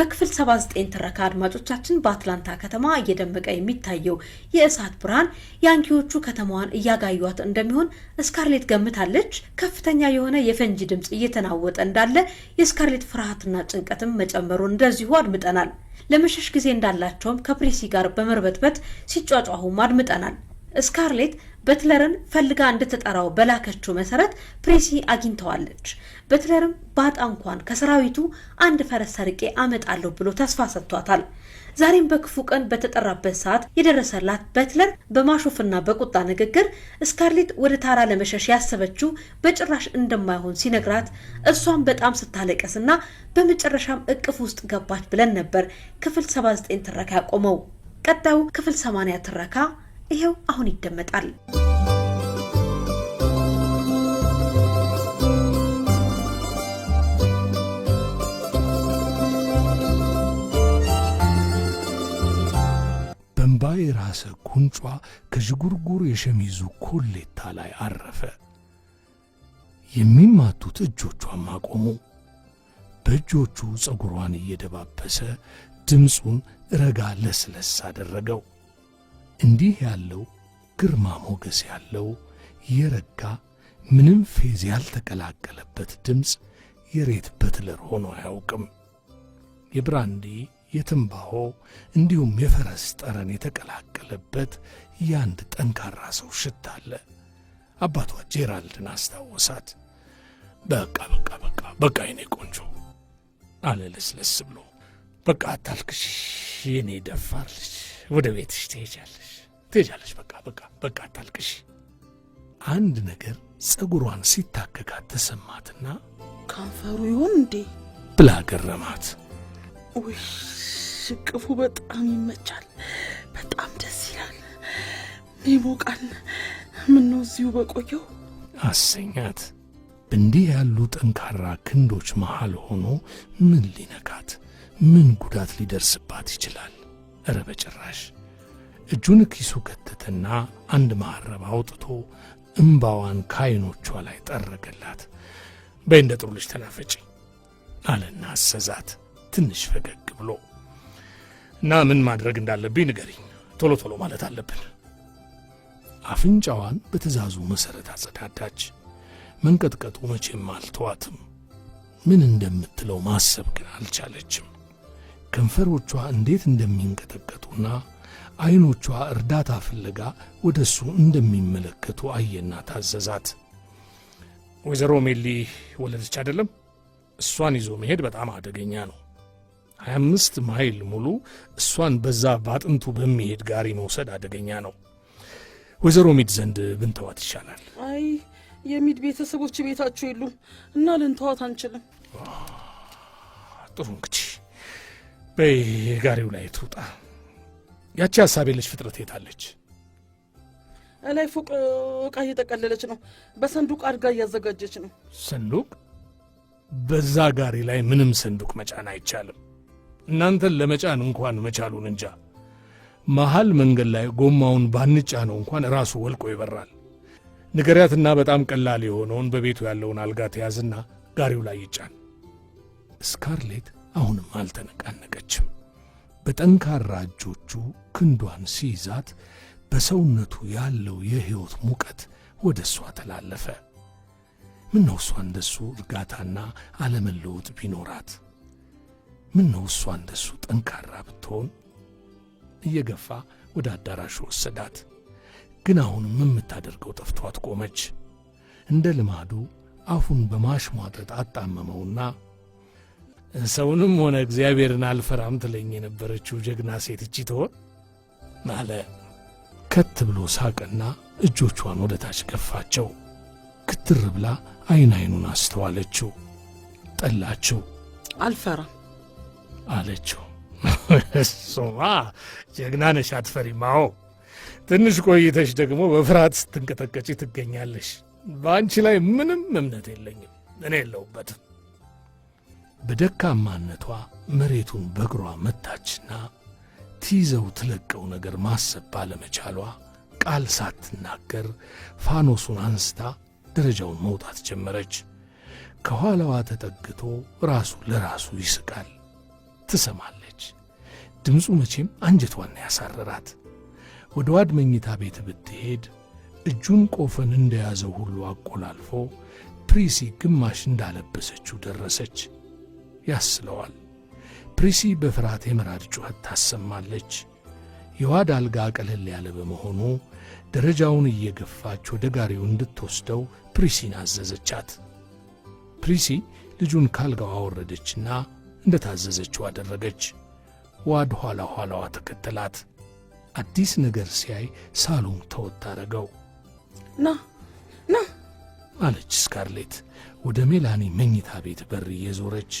በክፍል 79 ትረካ አድማጮቻችን በአትላንታ ከተማ እየደመቀ የሚታየው የእሳት ብርሃን ያንኪዎቹ ከተማዋን እያጋዩት እንደሚሆን ስካርሌት ገምታለች። ከፍተኛ የሆነ የፈንጂ ድምፅ እየተናወጠ እንዳለ የስካርሌት ፍርሃትና ጭንቀትም መጨመሩን እንደዚሁ አድምጠናል። ለመሸሽ ጊዜ እንዳላቸውም ከፕሬሲ ጋር በመርበትበት ሲጫጫሁም አድምጠናል። ስካርሌት በትለርን ፈልጋ እንድትጠራው በላከችው መሰረት ፕሬሲ አግኝተዋለች። በትለርም ባጣ እንኳን ከሰራዊቱ አንድ ፈረስ ሰርቄ አመጣለሁ ብሎ ተስፋ ሰጥቷታል። ዛሬም በክፉ ቀን በተጠራበት ሰዓት የደረሰላት በትለር በማሾፍና በቁጣ ንግግር ስካርሌት ወደ ታራ ለመሸሽ ያሰበችው በጭራሽ እንደማይሆን ሲነግራት እሷም በጣም ስታለቀስና በመጨረሻም እቅፍ ውስጥ ገባች ብለን ነበር ክፍል 79 ትረካ ያቆመው። ቀጣዩ ክፍል 80 ትረካ ይኸው አሁን ይደመጣል። በእንባ የራሰ ጉንጯ ከዥጉርጉር የሸሚዙ ኮሌታ ላይ አረፈ። የሚማቱት እጆቿም አቆሙ። በእጆቹ ፀጉሯን እየደባበሰ ድምፁን ረጋ ለስለስ አደረገው። እንዲህ ያለው ግርማ ሞገስ ያለው የረጋ ምንም ፌዝ ያልተቀላቀለበት ድምፅ የሬት በትለር ሆኖ አያውቅም። የብራንዲ የትንባሆ እንዲሁም የፈረስ ጠረን የተቀላቀለበት የአንድ ጠንካራ ሰው ሽታ አለ። አባቷ ጄራልድን አስታወሳት። በቃ በቃ በቃ በቃ የኔ ቆንጆ አለ ለስለስ ብሎ። በቃ አታልክሽ የኔ ደፋር ልጅ፣ ወደ ቤትሽ ትሄጃለሽ። ትሄጃለሽ። በቃ በቃ በቃ አታልቅሽ። አንድ ነገር ጸጉሯን ሲታከካት ተሰማትና ከንፈሩ ይሆን እንዴ ብላ ገረማት። ውይ ሽቅፉ በጣም ይመቻል፣ በጣም ደስ ይላል፣ ይሞቃል። ምነው እዚሁ በቆየው አሰኛት። እንዲህ ያሉ ጠንካራ ክንዶች መሃል ሆኖ ምን ሊነካት ምን ጉዳት ሊደርስባት ይችላል? እረ በጭራሽ። እጁን ኪሱ ከተተና አንድ መሐረብ አውጥቶ እምባዋን ከአይኖቿ ላይ ጠረገላት። በይ እንደ ጥሩ ልጅ ተናፈጪ አለና አሰዛት። ትንሽ ፈገግ ብሎ እና ምን ማድረግ እንዳለብኝ ንገሪኝ፣ ቶሎ ቶሎ ማለት አለብን። አፍንጫዋን በትእዛዙ መሠረት አጸዳዳች። መንቀጥቀጡ መቼም አልተዋትም። ምን እንደምትለው ማሰብ ግን አልቻለችም። ከንፈሮቿ እንዴት እንደሚንቀጠቀጡና ዐይኖቿ እርዳታ ፍለጋ ወደ እሱ እንደሚመለከቱ አየና ታዘዛት። ወይዘሮ ሜሊ ወለደች አይደለም? እሷን ይዞ መሄድ በጣም አደገኛ ነው። ሀያ አምስት ማይል ሙሉ እሷን በዛ በአጥንቱ በሚሄድ ጋሪ መውሰድ አደገኛ ነው። ወይዘሮ ሚድ ዘንድ ብንተዋት ይሻላል። አይ የሚድ ቤተሰቦች ቤታችሁ የሉም እና ልንተዋት አንችልም። ጥሩ እንግዲህ በይ ጋሪው ላይ ትውጣ። ያቺ ሀሳቤ ልጅ ፍጥረት የታለች? እላይ ፎቅ እቃ እየጠቀለለች ነው። በሰንዱቅ አድጋ እያዘጋጀች ነው። ሰንዱቅ? በዛ ጋሪ ላይ ምንም ሰንዱቅ መጫን አይቻልም። እናንተን ለመጫን እንኳን መቻሉን እንጃ። መሀል መንገድ ላይ ጎማውን ባንጫ ነው እንኳን ራሱ ወልቆ ይበራል። ንገሪያትና በጣም ቀላል የሆነውን በቤቱ ያለውን አልጋ ተያዝና ጋሪው ላይ ይጫን። ስካርሌት አሁንም አልተነቃነቀችም። በጠንካራ እጆቹ ክንዷን ሲይዛት በሰውነቱ ያለው የሕይወት ሙቀት ወደ እሷ ተላለፈ። ምነው እሷ እንደሱ እርጋታና አለመለወጥ ቢኖራት? ምነው እሷ እንደሱ ጠንካራ ብትሆን? እየገፋ ወደ አዳራሹ ወሰዳት። ግን አሁንም የምታደርገው ጠፍቷት ቆመች። እንደ ልማዱ አፉን በማሽሟጠጥ አጣመመውና ሰውንም ሆነ እግዚአብሔርን አልፈራም ትለኝ የነበረችው ጀግና ሴት እቺ ትሆን አለ። ከት ብሎ ሳቀና እጆቿን ወደ ታች ገፋቸው። ክትር ብላ አይን አይኑን አስተዋለችው። ጠላችው። አልፈራም አለችው። እሱማ ጀግና ነሽ፣ አትፈሪም። አዎ ትንሽ ቆይተሽ ደግሞ በፍርሃት ስትንቀጠቀጪ ትገኛለሽ። በአንቺ ላይ ምንም እምነት የለኝም፣ እኔ የለውበትም በደካማነቷ መሬቱን በእግሯ መታችና ትይዘው ትለቀው ነገር ማሰብ ባለመቻሏ ቃል ሳትናገር ፋኖሱን አንስታ ደረጃውን መውጣት ጀመረች። ከኋላዋ ተጠግቶ ራሱ ለራሱ ይስቃል። ትሰማለች። ድምፁ መቼም አንጀቷን ያሳረራት። ወደ ዋድ መኝታ ቤት ብትሄድ እጁን ቆፈን እንደያዘው ሁሉ አቆላልፎ ፕሪሲ ግማሽ እንዳለበሰችው ደረሰች። ያስለዋል። ፕሪሲ በፍርሃት የመራድ ጩኸት ታሰማለች። የዋድ አልጋ ቀለል ያለ በመሆኑ ደረጃውን እየገፋች ወደ ጋሪው እንድትወስደው ፕሪሲን አዘዘቻት። ፕሪሲ ልጁን ካልጋው አወረደችና እንደ ታዘዘችው አደረገች። ዋድ ኋላ ኋላዋ ተከተላት። አዲስ ነገር ሲያይ ሳሎን ተወት አረገው። ና ና አለች ስካርሌት ወደ ሜላኒ መኝታ ቤት በር እየዞረች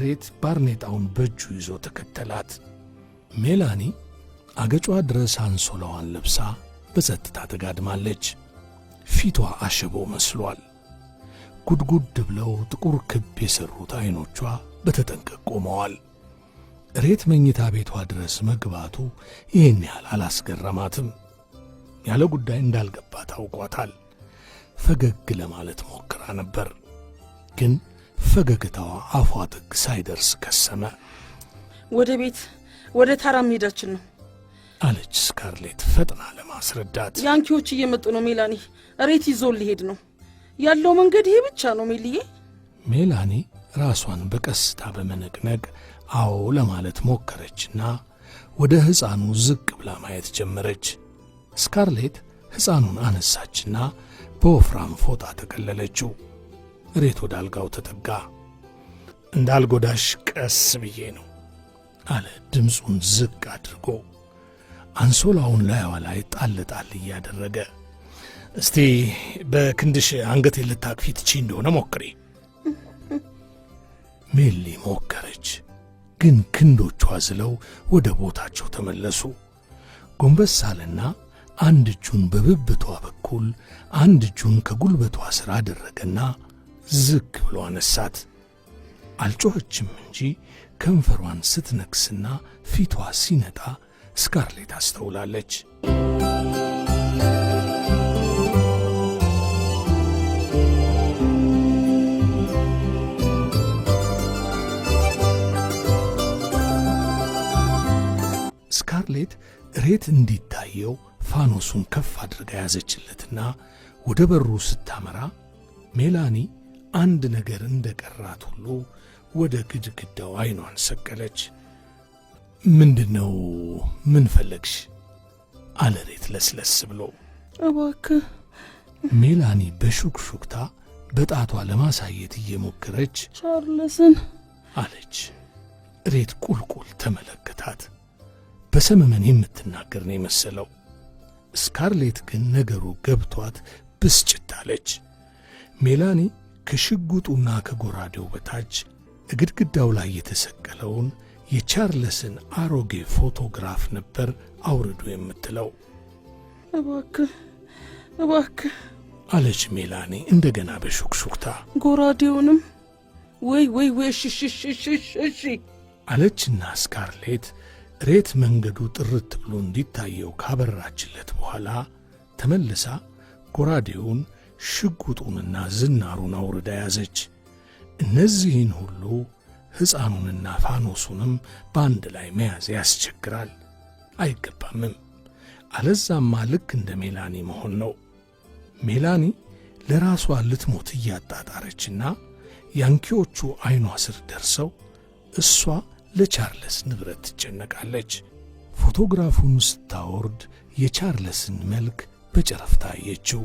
ሬት ባርኔጣውን በእጁ ይዞ ተከተላት። ሜላኒ አገጯ ድረስ አንሶላዋን ለብሳ በጸጥታ ተጋድማለች። ፊቷ አሸቦ መስሏል። ጉድጉድ ብለው ጥቁር ክብ የሠሩት ዐይኖቿ በተጠንቀቅ ቆመዋል። ሬት መኝታ ቤቷ ድረስ መግባቱ ይህን ያህል አላስገረማትም። ያለ ጉዳይ እንዳልገባ ታውቋታል። ፈገግ ለማለት ሞክራ ነበር ግን ፈገግታዋ አፏ ጥግ ሳይደርስ ከሰመ። ወደ ቤት ወደ ታራ መሄዳችን ነው አለች ስካርሌት ፈጥና ለማስረዳት። ያንኪዎች እየመጡ ነው ሜላኒ፣ ሬት ይዞ ሊሄድ ነው ያለው መንገድ ይሄ ብቻ ነው ሜልዬ። ሜላኒ ራሷን በቀስታ በመነቅነቅ አዎ ለማለት ሞከረችና ወደ ሕፃኑ ዝቅ ብላ ማየት ጀመረች። ስካርሌት ሕፃኑን አነሳችና በወፍራም ፎጣ ተከለለችው። እሬት ወደ አልጋው ተጠጋ። እንዳልጎዳሽ ቀስ ብዬ ነው አለ ድምፁን ዝቅ አድርጎ አንሶላውን ላይዋ ላይ ጣል ጣል እያደረገ እስቲ በክንድሽ አንገቴ ልታቅፊ ትቺ እንደሆነ ሞክሪ። ሜሊ ሞከረች፣ ግን ክንዶቿ ዝለው ወደ ቦታቸው ተመለሱ። ጎንበስ አለና አንድ እጁን በብብቷ በኩል አንድ እጁን ከጉልበቷ ሥር አደረገና ዝግ ብሎ አነሳት። አልጮኸችም እንጂ ከንፈሯን ስትነክስና ፊቷ ሲነጣ ስካርሌት አስተውላለች። ስካርሌት ሬት እንዲታየው ፋኖሱን ከፍ አድርጋ ያዘችለትና ወደ በሩ ስታመራ ሜላኒ አንድ ነገር እንደ ቀራት ሁሉ ወደ ግድግዳው አይኗን ሰቀለች። ምንድን ነው? ምን ፈለግሽ? አለ ሬት ለስለስ ብሎ። እባክህ ሜላኒ በሹክሹክታ በጣቷ ለማሳየት እየሞከረች ቻርለስን አለች። ሬት ቁልቁል ተመለከታት። በሰመመን የምትናገር ነው የመሰለው። ስካርሌት ግን ነገሩ ገብቷት ብስጭት አለች። ሜላኒ ከሽጉጡና ከጎራዴው በታች ግድግዳው ላይ የተሰቀለውን የቻርለስን አሮጌ ፎቶግራፍ ነበር አውርዱ የምትለው። እባክህ እባክህ አለች ሜላኒ እንደገና በሹክሹክታ ጎራዴውንም ወይ ወይ ወይ ሽሽሽሽሽሽ አለችና ስካርሌት ሬት መንገዱ ጥርት ብሎ እንዲታየው ካበራችለት በኋላ ተመልሳ ጎራዴውን ሽጉጡንና ዝናሩን አውርዳ ያዘች። እነዚህን ሁሉ ሕፃኑንና ፋኖሱንም በአንድ ላይ መያዝ ያስቸግራል፣ አይገባምም። አለዛማ ልክ እንደ ሜላኒ መሆን ነው። ሜላኒ ለራሷ ልትሞት እያጣጣረችና ያንኪዎቹ ዐይኗ ስር ደርሰው እሷ ለቻርለስ ንብረት ትጨነቃለች። ፎቶግራፉን ስታወርድ የቻርለስን መልክ በጨረፍታ አየችው።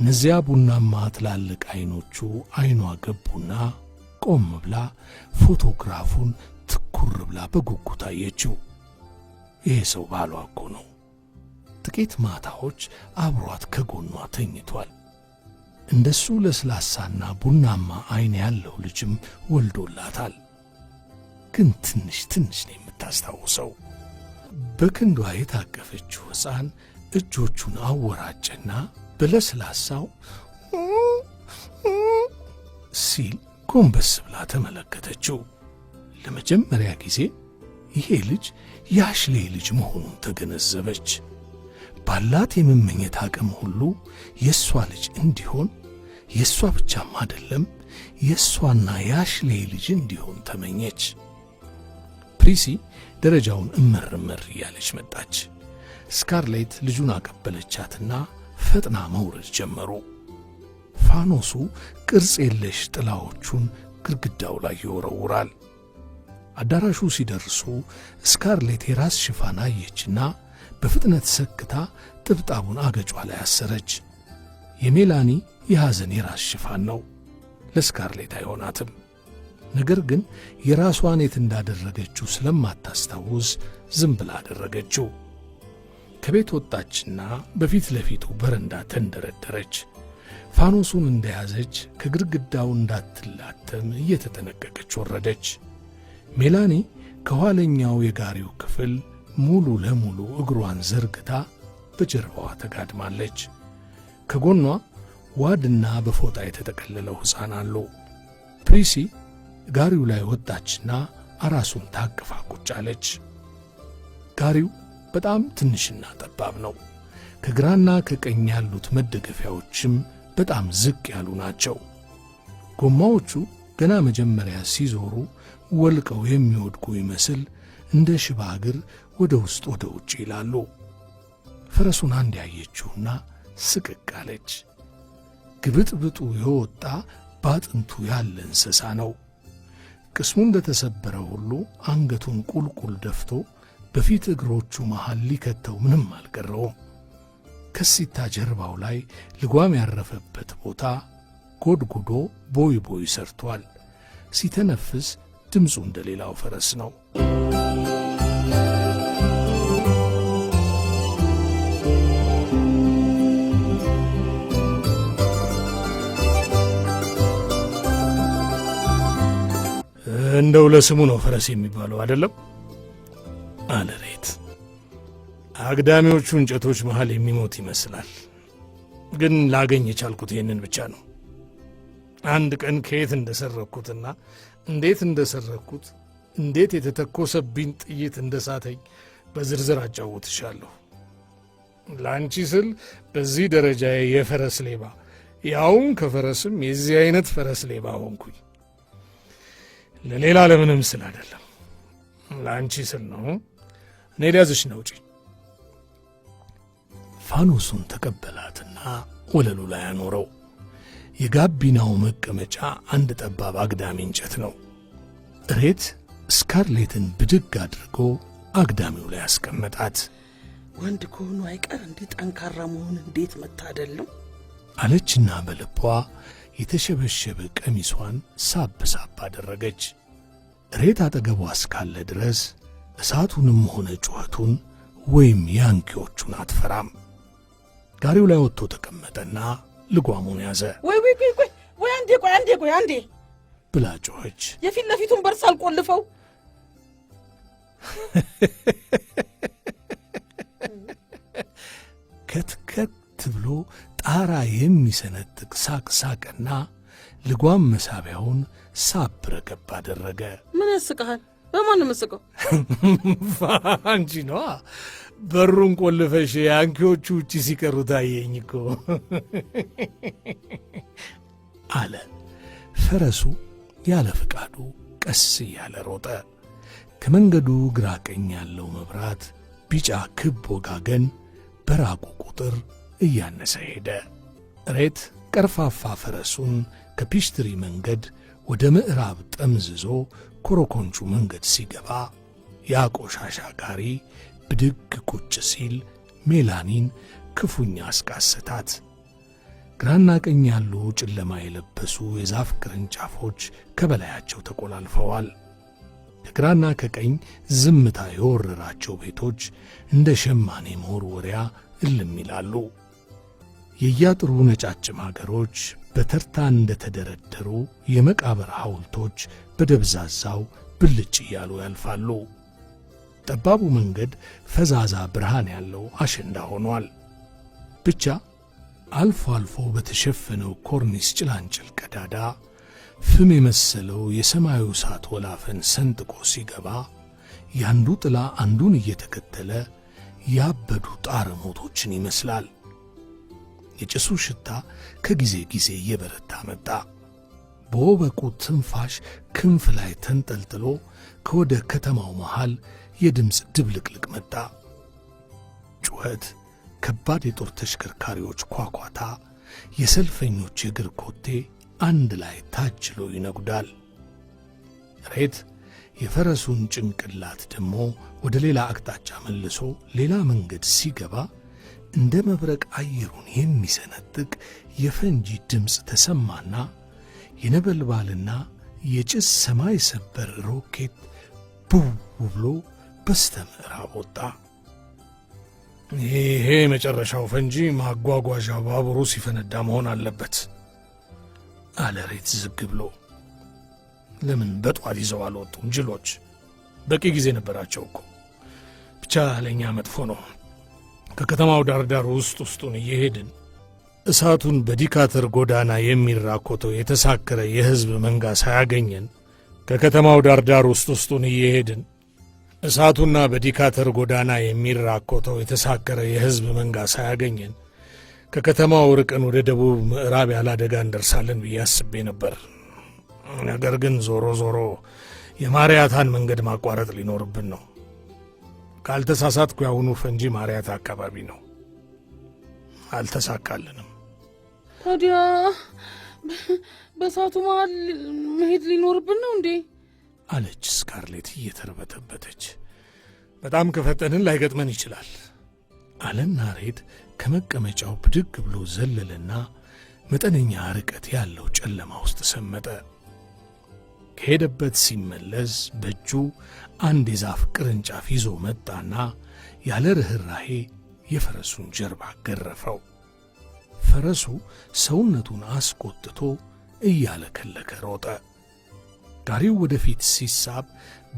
እነዚያ ቡናማ ትላልቅ ዐይኖቹ ዐይኗ ገቡና ቆም ብላ ፎቶግራፉን ትኩር ብላ በጉጉት አየችው። ይሄ ሰው ባሏ እኮ ነው። ጥቂት ማታዎች አብሯት ከጎኗ ተኝቷል። እንደሱ ለስላሳና ቡናማ ዐይን ያለው ልጅም ወልዶላታል። ግን ትንሽ ትንሽ ነው የምታስታውሰው። በክንዷ የታቀፈችው ሕፃን እጆቹን አወራጨና በለስላሳው ሲል ጎንበስ ብላ ተመለከተችው። ለመጀመሪያ ጊዜ ይሄ ልጅ የአሽሌ ልጅ መሆኑን ተገነዘበች። ባላት የመመኘት አቅም ሁሉ የእሷ ልጅ እንዲሆን የእሷ ብቻም አደለም የእሷና የአሽሌ ልጅ እንዲሆን ተመኘች። ፕሪሲ ደረጃውን እመርመር እያለች መጣች። ስካርሌት ልጁን አቀበለቻትና ፈጥና መውረድ ጀመሩ። ፋኖሱ ቅርጽ የለሽ ጥላዎቹን ግድግዳው ላይ ይወረውራል። አዳራሹ ሲደርሱ ስካርሌት የራስ ሽፋን አየችና በፍጥነት ሰክታ ጥብጣቡን አገጯ ላይ አሰረች። የሜላኒ የሐዘን የራስ ሽፋን ነው፣ ለስካርሌት አይሆናትም። ነገር ግን የራሷን የት እንዳደረገችው ስለማታስታውስ ዝም ብላ አደረገችው። ከቤት ወጣችና በፊት ለፊቱ በረንዳ ተንደረደረች። ፋኖሱን እንደያዘች ከግድግዳው እንዳትላተም እየተጠነቀቀች ወረደች። ሜላኒ ከኋለኛው የጋሪው ክፍል ሙሉ ለሙሉ እግሯን ዘርግታ በጀርባዋ ተጋድማለች። ከጎኗ ዋድና በፎጣ የተጠቀለለው ሕፃን አሉ። ፕሪሲ ጋሪው ላይ ወጣችና አራሱን ታቅፋ ቁጫለች። ጋሪው በጣም ትንሽና ጠባብ ነው። ከግራና ከቀኝ ያሉት መደገፊያዎችም በጣም ዝቅ ያሉ ናቸው። ጎማዎቹ ገና መጀመሪያ ሲዞሩ ወልቀው የሚወድቁ ይመስል እንደ ሽባ እግር ወደ ውስጥ ወደ ውጭ ይላሉ። ፈረሱን አንድ ያየችውና ስቅቅ አለች። ግብጥብጡ የወጣ በአጥንቱ ያለ እንስሳ ነው። ቅስሙ እንደተሰበረ ሁሉ አንገቱን ቁልቁል ደፍቶ በፊት እግሮቹ መሃል ሊከተው ምንም አልቀረውም። ከሲታ ጀርባው ላይ ልጓም ያረፈበት ቦታ ጎድጉዶ ቦይ ቦይ ሰርቷል። ሲተነፍስ ድምፁ እንደ ሌላው ፈረስ ነው። እንደው ለስሙ ነው ፈረስ የሚባለው አይደለም። ከአግዳሚዎቹ እንጨቶች መሃል የሚሞት ይመስላል። ግን ላገኝ የቻልኩት ይህንን ብቻ ነው። አንድ ቀን ከየት እንደሰረኩትና እንዴት እንደሰረኩት እንዴት የተተኮሰብኝ ጥይት እንደሳተኝ በዝርዝር አጫውትሻለሁ። ለአንቺ ስል በዚህ ደረጃ የፈረስ ሌባ ያውም ከፈረስም የዚህ አይነት ፈረስ ሌባ ሆንኩኝ። ለሌላ ለምንም ስል አይደለም፣ ለአንቺ ስል ነው። እኔ ሊያዝሽ ነው ፋኖሱን ተቀበላትና ወለሉ ላይ አኖረው። የጋቢናው መቀመጫ አንድ ጠባብ አግዳሚ እንጨት ነው። እሬት ስካርሌትን ብድግ አድርጎ አግዳሚው ላይ አስቀመጣት። ወንድ ከሆኑ አይቀር እንዲህ ጠንካራ መሆን እንዴት መታደልም አለችና በልቧ የተሸበሸበ ቀሚሷን ሳብ ሳብ አደረገች። እሬት አጠገቧ እስካለ ድረስ እሳቱንም ሆነ ጩኸቱን ወይም ያንኪዎቹን አትፈራም። ጋሪው ላይ ወጥቶ ተቀመጠና ልጓሙን ያዘ። ወይ ወይ ቆይ ቆይ ወይ አንዴ ቆይ አንዴ ቆይ አንዴ ብላ ጮኸች። የፊት ለፊቱን በር ሳልቆልፈው ከትከት ብሎ ጣራ የሚሰነጥቅ ሳቅ ሳቅና ልጓም መሳቢያውን ሳብረ ገብ አደረገ። ምን ያስቀሃል? በማን ነው የምስቀው? አንቺ ነዋ በሩን ቆልፈሽ አንኪዎቹ ውጭ ሲቀሩ ታየኝ እኮ አለ። ፈረሱ ያለ ፈቃዱ ቀስ እያለ ሮጠ። ከመንገዱ ግራ ቀኝ ያለው መብራት ቢጫ ክብ ወጋገን በራቁ ቁጥር እያነሰ ሄደ። ሬት ቀርፋፋ ፈረሱን ከፒሽትሪ መንገድ ወደ ምዕራብ ጠምዝዞ ኮረኮንቹ መንገድ ሲገባ ያ ቆሻሻ ጋሪ ብድግ ቁጭ ሲል ሜላኒን ክፉኛ አስቃሰታት። ግራና ቀኝ ያሉ ጨለማ የለበሱ የዛፍ ቅርንጫፎች ከበላያቸው ተቆላልፈዋል። ከግራና ከቀኝ ዝምታ የወረራቸው ቤቶች እንደ ሸማኔ መወርወሪያ እልም ይላሉ። የየአጥሩ ነጫጭም አገሮች በተርታ እንደተደረደሩ የመቃብር ሐውልቶች በደብዛዛው ብልጭ እያሉ ያልፋሉ። ጠባቡ መንገድ ፈዛዛ ብርሃን ያለው አሸንዳ ሆኗል። ብቻ አልፎ አልፎ በተሸፈነው ኮርኒስ ጭላንጭል ቀዳዳ ፍም የመሰለው የሰማዩ እሳት ወላፈን ሰንጥቆ ሲገባ ያንዱ ጥላ አንዱን እየተከተለ ያበዱ ጣረ ሞቶችን ይመስላል። የጭሱ ሽታ ከጊዜ ጊዜ እየበረታ መጣ። በወበቁ ትንፋሽ ክንፍ ላይ ተንጠልጥሎ ከወደ ከተማው መሃል የድምፅ ድብልቅልቅ መጣ። ጩኸት፣ ከባድ የጦር ተሽከርካሪዎች ኳኳታ፣ የሰልፈኞች የእግር ኮቴ አንድ ላይ ታችሎ ይነጉዳል። ሬት የፈረሱን ጭንቅላት ደግሞ ወደ ሌላ አቅጣጫ መልሶ ሌላ መንገድ ሲገባ እንደ መብረቅ አየሩን የሚሰነጥቅ የፈንጂ ድምፅ ተሰማና የነበልባልና የጭስ ሰማይ ሰበር ሮኬት ቡው ብሎ በስተ ምዕራብ ወጣ። ይሄ መጨረሻው ፈንጂ ማጓጓዣ ባቡሩ ሲፈነዳ መሆን አለበት አለ ሬት ዝግ ብሎ። ለምን በጧት ይዘው አልወጡም? ጅሎች በቂ ጊዜ ነበራቸው እኮ። ብቻ ለእኛ መጥፎ ነው። ከከተማው ዳርዳር ውስጥ ውስጡን እየሄድን እሳቱን በዲካተር ጎዳና የሚራኮተው የተሳከረ የሕዝብ መንጋ ሳያገኘን ከከተማው ዳርዳር ውስጥ ውስጡን እየሄድን እሳቱና በዲካተር ጎዳና የሚራኮተው የተሳከረ የሕዝብ መንጋ ሳያገኘን ከከተማው ርቀን ወደ ደቡብ ምዕራብ ያለ አደጋ እንደርሳለን ብዬ አስቤ ነበር። ነገር ግን ዞሮ ዞሮ የማርያታን መንገድ ማቋረጥ ሊኖርብን ነው። ካልተሳሳትኩ ያሁኑ ፈንጂ ማርያታ አካባቢ ነው። አልተሳካልንም። ታዲያ በሳቱ መሃል መሄድ ሊኖርብን ነው እንዴ? አለች ስካርሌት እየተርበተበተች። በጣም ከፈጠንን ላይገጥመን ይችላል አለና ሬድ ከመቀመጫው ብድግ ብሎ ዘለለና መጠነኛ ርቀት ያለው ጨለማ ውስጥ ሰመጠ። ከሄደበት ሲመለስ በእጁ አንድ የዛፍ ቅርንጫፍ ይዞ መጣና ያለ ርኅራሄ የፈረሱን ጀርባ ገረፈው። ፈረሱ ሰውነቱን አስቆጥቶ እያለከለከ ሮጠ። ጋሪው ወደፊት ሲሳብ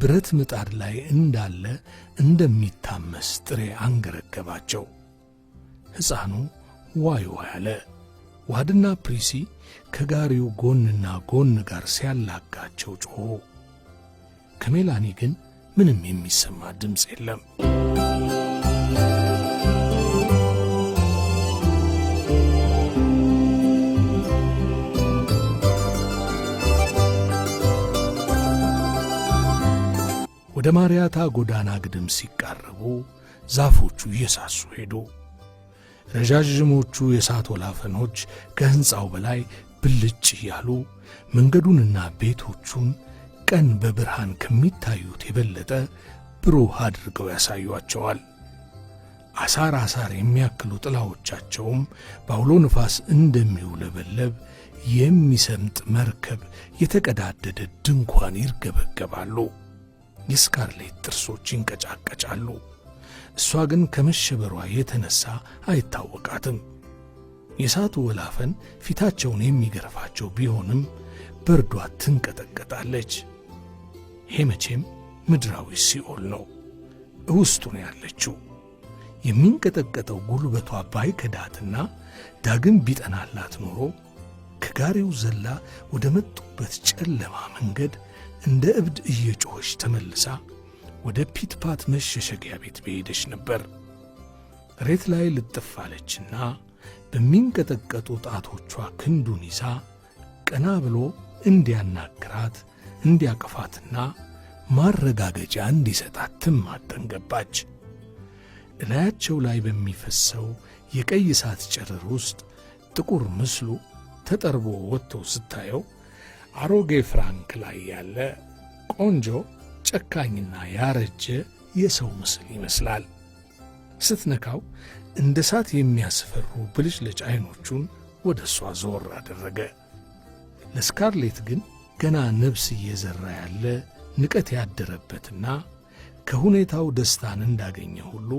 ብረት ምጣድ ላይ እንዳለ እንደሚታመስ ጥሬ አንገረገባቸው። ሕፃኑ ዋይ ዋይ አለ። ዋድና ፕሪሲ ከጋሪው ጎንና ጎን ጋር ሲያላጋቸው ጮኹ። ከሜላኒ ግን ምንም የሚሰማ ድምፅ የለም። ወደ ማርያታ ጎዳና ግድም ሲቃረቡ ዛፎቹ እየሳሱ ሄዱ። ረዣዥሞቹ የሳት ወላፈኖች ከሕንፃው በላይ ብልጭ እያሉ መንገዱንና ቤቶቹን ቀን በብርሃን ከሚታዩት የበለጠ ብሩህ አድርገው ያሳዩአቸዋል። አሳር አሳር የሚያክሉ ጥላዎቻቸውም በአውሎ ንፋስ እንደሚውለበለብ የሚሰምጥ መርከብ የተቀዳደደ ድንኳን ይርገበገባሉ። የስካርሌት ጥርሶች ይንቀጫቀጫሉ። እሷ ግን ከመሸበሯ የተነሳ አይታወቃትም። የእሳቱ ወላፈን ፊታቸውን የሚገርፋቸው ቢሆንም በርዷ ትንቀጠቀጣለች። ሄመቼም ምድራዊ ሲኦል ነው እውስጡ ነው ያለችው። የሚንቀጠቀጠው ጉልበቷ ባይከዳትና ዳግም ቢጠናላት ኖሮ ከጋሪው ዘላ ወደ መጡበት ጨለማ መንገድ እንደ እብድ እየጮኸች ተመልሳ ወደ ፒትፓት መሸሸጊያ ቤት በሄደች ነበር። ሬት ላይ ልጥፋለችና በሚንቀጠቀጡ ጣቶቿ ክንዱን ይዛ ቀና ብሎ እንዲያናግራት እንዲያቅፋትና ማረጋገጫ እንዲሰጣት ትማጠን ገባች። እላያቸው ላይ በሚፈሰው የቀይ እሳት ጨረር ውስጥ ጥቁር ምስሉ ተጠርቦ ወጥቶ ስታየው አሮጌ ፍራንክ ላይ ያለ ቆንጆ ጨካኝና ያረጀ የሰው ምስል ይመስላል። ስትነካው እንደ እሳት የሚያስፈሩ ብልጭልጭ ዐይኖቹን ወደ እሷ ዞር አደረገ። ለስካርሌት ግን ገና ነፍስ እየዘራ ያለ ንቀት ያደረበትና ከሁኔታው ደስታን እንዳገኘ ሁሉ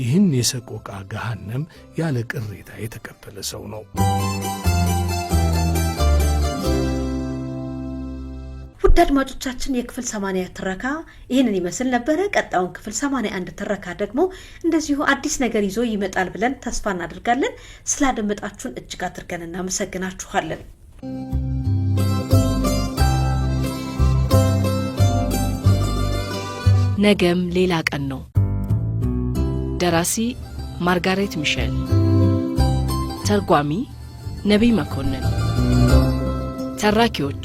ይህን የሰቆቃ ገሃነም ያለ ቅሬታ የተቀበለ ሰው ነው። ውድ አድማጮቻችን የክፍል 80 ትረካ ይህንን ይመስል ነበረ። ቀጣዩን ክፍል 81 ትረካ ደግሞ እንደዚሁ አዲስ ነገር ይዞ ይመጣል ብለን ተስፋ እናደርጋለን። ስላደመጣችሁን እጅግ አድርገን እናመሰግናችኋለን። ነገም ሌላ ቀን ነው። ደራሲ ማርጋሬት ሚሸል፣ ተርጓሚ ነቢይ መኮንን፣ ተራኪዎች